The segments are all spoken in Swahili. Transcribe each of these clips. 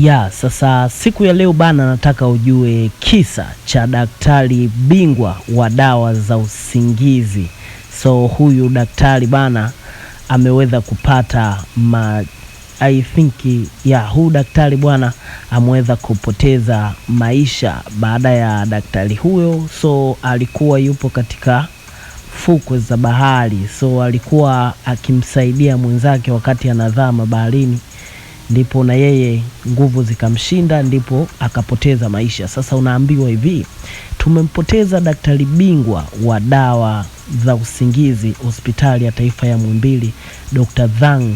Ya sasa siku ya leo bana, nataka ujue kisa cha daktari bingwa wa dawa za usingizi. So huyu daktari bana ameweza kupata ma, I think ya huyu daktari bwana ameweza kupoteza maisha baada ya daktari huyo. So alikuwa yupo katika fukwe za bahari, so alikuwa akimsaidia mwenzake wakati anadhama baharini ndipo na yeye nguvu zikamshinda, ndipo akapoteza maisha. Sasa unaambiwa hivi, tumempoteza daktari bingwa wa dawa za usingizi hospitali ya taifa ya Muhimbili, Dr. Zhang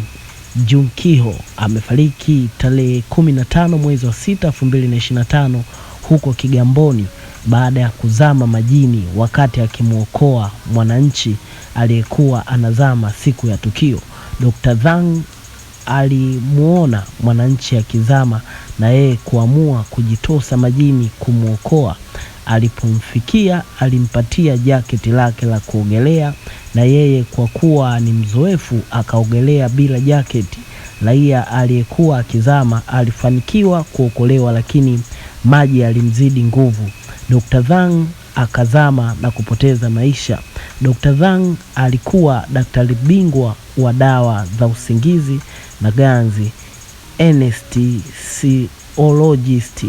Junkiho amefariki tarehe 15 mwezi wa 6 2025 huko Kigamboni baada ya kuzama majini wakati akimwokoa mwananchi aliyekuwa anazama siku ya tukio. Dr. Zhang alimuona mwananchi akizama na yeye kuamua kujitosa majini kumwokoa. Alipomfikia alimpatia jaketi lake la kuogelea, na yeye kwa kuwa ni mzoefu akaogelea bila jaketi. Raia aliyekuwa akizama alifanikiwa kuokolewa, lakini maji yalimzidi nguvu. Dr. Zhang akazama na kupoteza maisha. Dr. Zhang alikuwa daktari bingwa wa dawa za usingizi na ganzi, anesthesiologist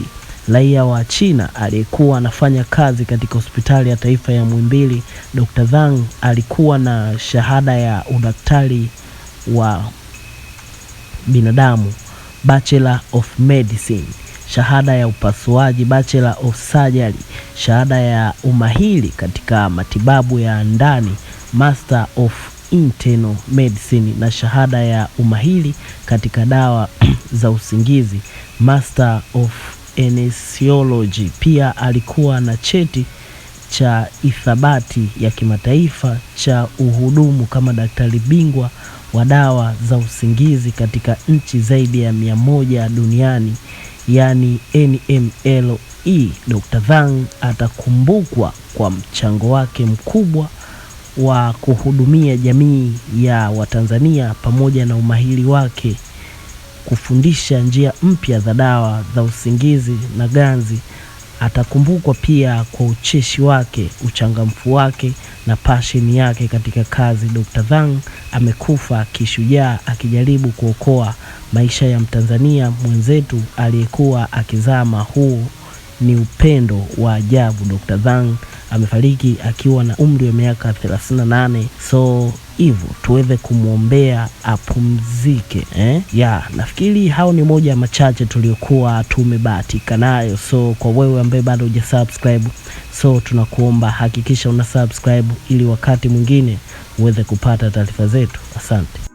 raia wa China aliyekuwa anafanya kazi katika hospitali ya taifa ya Muhimbili. Dr. Zhang alikuwa na shahada ya udaktari wa binadamu, Bachelor of Medicine shahada ya upasuaji bachelor of surgery, shahada ya umahiri katika matibabu ya ndani master of internal medicine, na shahada ya umahiri katika dawa za usingizi master of anesthesiology. Pia alikuwa na cheti cha ithabati ya kimataifa cha uhudumu kama daktari bingwa wa dawa za usingizi katika nchi zaidi ya mia moja duniani yani NMLE, Dr. Dhang atakumbukwa kwa mchango wake mkubwa wa kuhudumia jamii ya Watanzania pamoja na umahiri wake kufundisha njia mpya za dawa za usingizi na ganzi. Atakumbukwa pia kwa ucheshi wake, uchangamfu wake na pasheni yake katika kazi. Dr. Dhang amekufa kishujaa akijaribu kuokoa maisha ya Mtanzania mwenzetu aliyekuwa akizama. Huu ni upendo wa ajabu. Dr. Zang amefariki akiwa na umri wa miaka 38, so hivyo tuweze kumwombea apumzike eh? Ya, nafikiri hao ni moja ya machache tuliokuwa tumebahatika nayo. So kwa wewe ambaye bado uja subscribe, so tunakuomba hakikisha una subscribe ili wakati mwingine uweze kupata taarifa zetu. Asante.